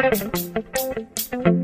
Thank you.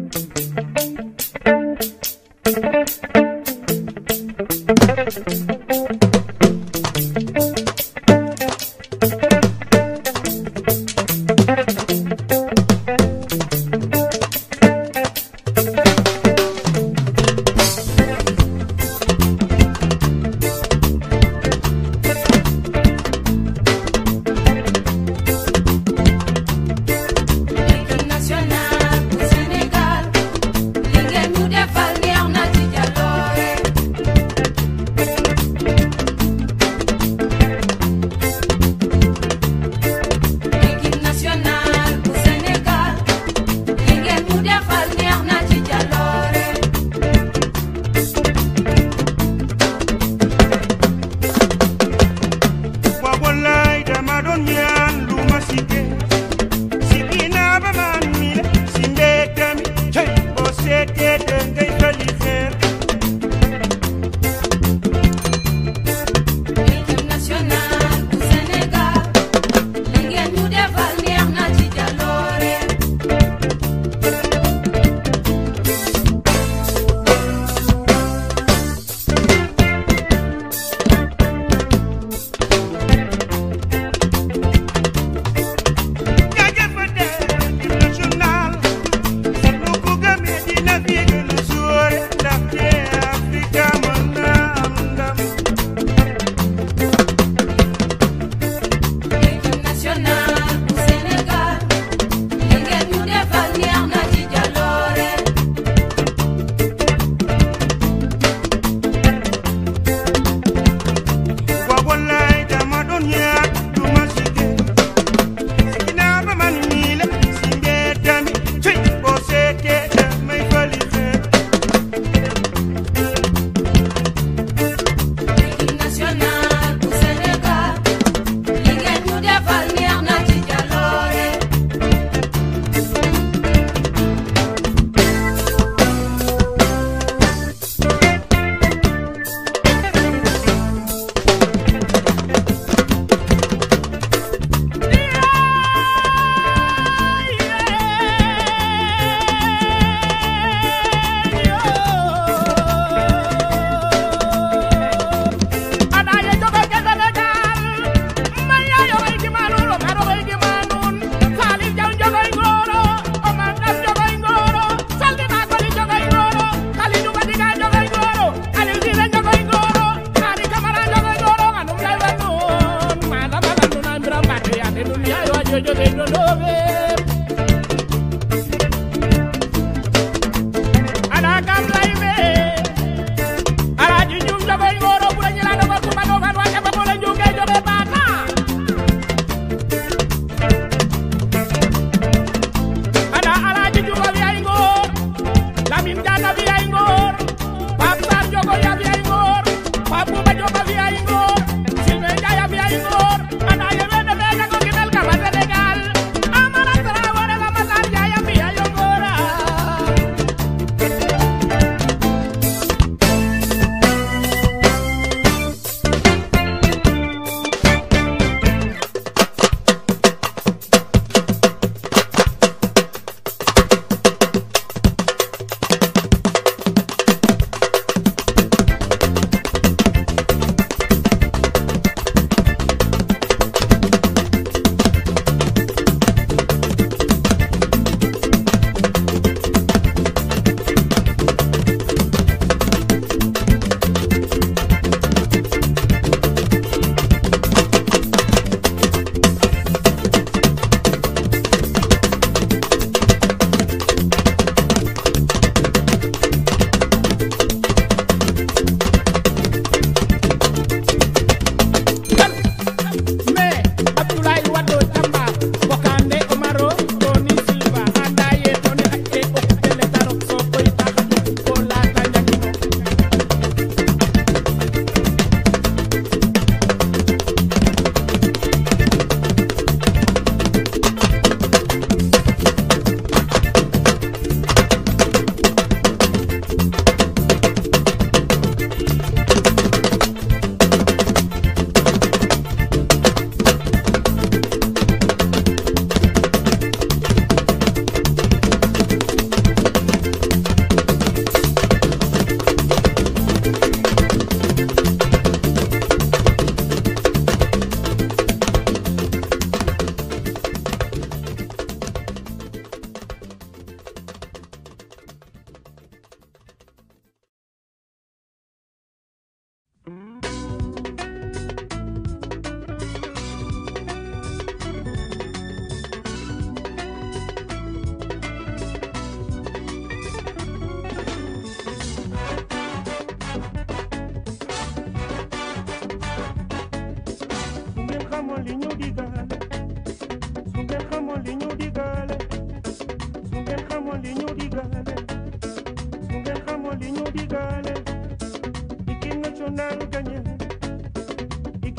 yo, yo,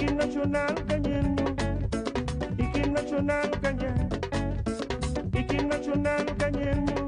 Équipe nationale gagnée nous. Équipe nationale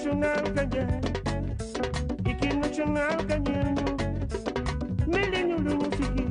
nationalkanye ikimu chu nalkanye milenyu lumufiki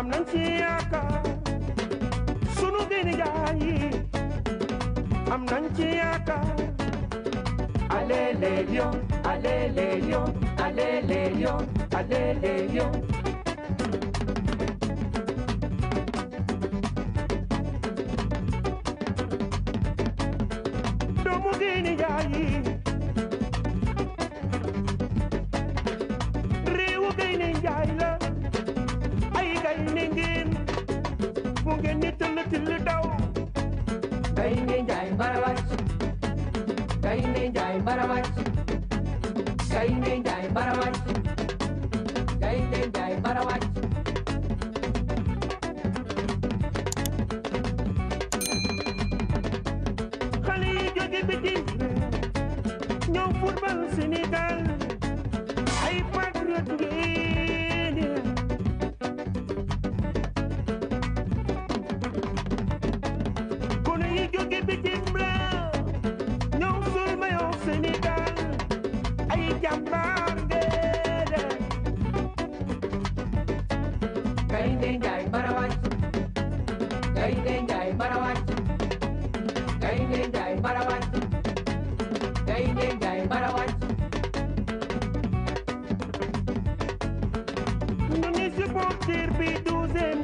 am nañ ci yaakaar sunu dini gaay yi am nañ ci yaakaar allez les Alele allez alele lions alele les lions allez mbarawacc gaynde njaay mbarawacc gaynde njaay mbarawacc gaynde njaay mbarawacc xale yi jóge biti ñëw football Sénégal ay patriote ngeen ku ne yi jóge biti partir puis douzième